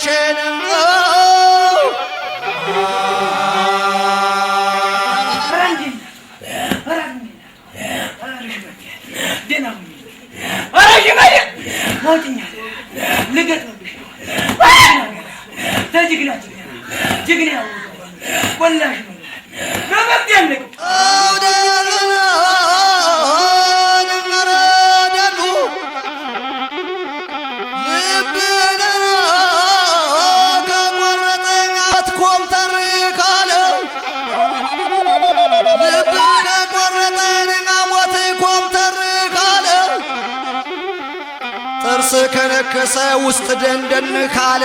Krishna ጥርስ ከነከሰ ውስጥ ደንደን ካለ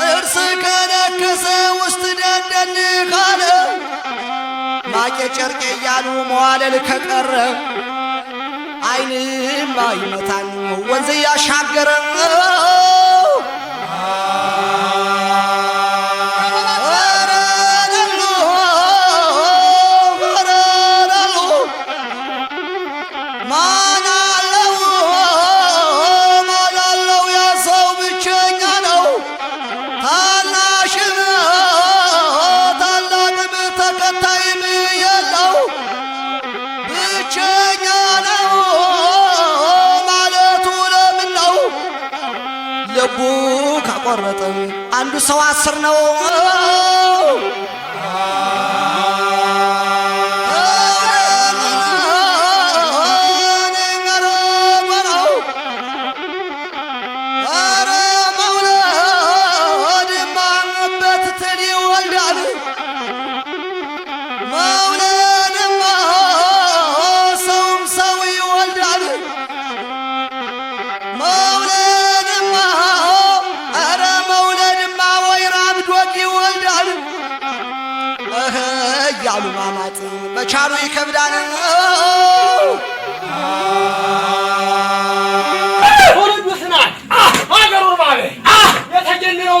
ጥርስ ከነከሰ ውስጥ ደንደን ካለ ማቄ ጨርቄ እያሉ መዋለል ከቀረ አይንም አይመታን ወንዝ ያሻገረ ልቡ ካቆረጠ አንዱ ሰው አስር ነው። መዋጥ መቻሉ ይከብዳል። ሁሉ ስናል አገሩ ባለ የተጀነው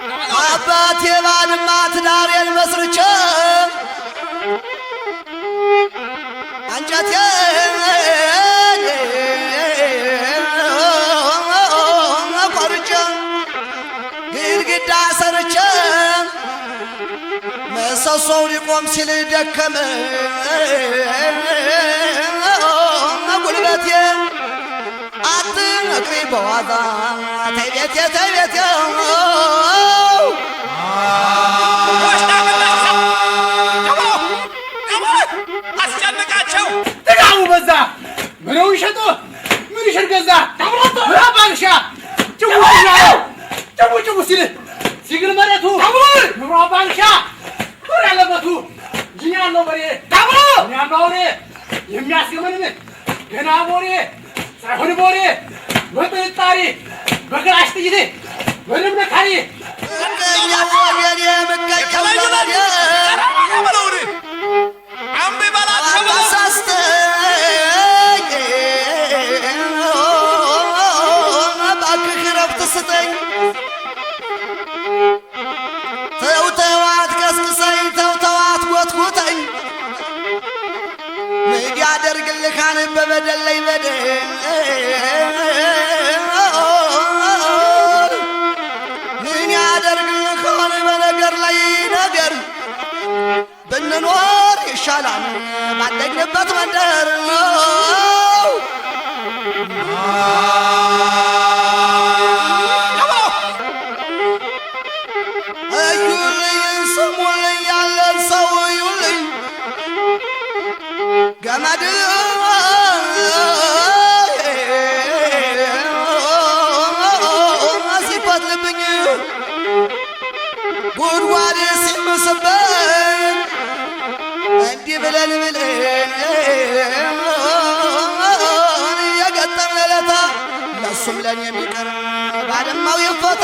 አባት የባልማ ትዳር የልመስርቸ አንጨቴ ቆርጬ ግድግዳ ሰርቼ ምሰሶው ሊቆም ሲል ደከመ ጉልበቴ አትነግሪ በዋዛ ተይ ቤቴ ተይ ቤቴ ሸጦ ምን ይሽር ገዛ ባልሻ ጭቡ ጭቡ ጭጉ ሲል ሲግል መሬቱ ባልሻ ር ያለበቱ ጅን ያለው በሬ ያለው አውሬ የሚያስገመንም ገና ቦሬ ሳይሆን ቦሬ በጥርጣሬ በግራሽ ጥይቴ በደም ነካሪ ምቀኛ ብንኖር ይሻላል ባደግንበት መንደር ነው። ብለን ብለን የገጠመለታ ለሱም ለን የሚቀር ባድማው ይፎታ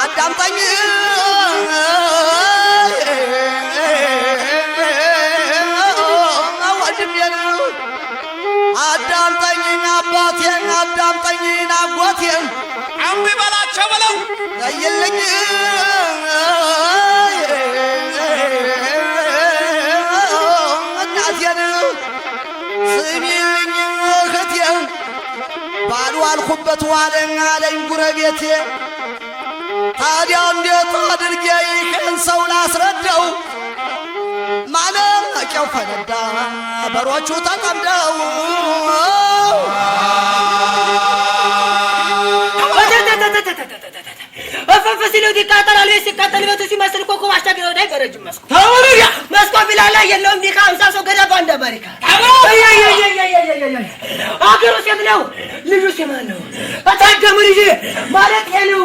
አዳምጠኝ ወንድሜን አዳምጠኝን አባቴን አዳምጠኝን አጎቴን አንቡ ይበላቸው ብለው ለይልኝ እናቴን ስሚልኝ እህቴን ባሉ አልኩበት ዋለኝ አለኝ ጉረቤቴ ታዲያ እንዴት አድርጌ ይህን ሰው ላስረዳው? ማለቂያው ፈነዳ፣ በሮቹ ተጠምደው ሲሉት ይቃጠላል። ሲቃጠል ቤቱ ሲመስል እኮ ማሽታገ ወደ አይገረጅም። መስኮ ታወሪያ መስኮ ቢላ ላይ የለውም ቢካ አምሳ ሰው ገደባ እንደ ባሪካ አገሩ ሴት ነው ልጁ ሴማ ነው። አታገሙ ልጅ ማለት ይሄ ነው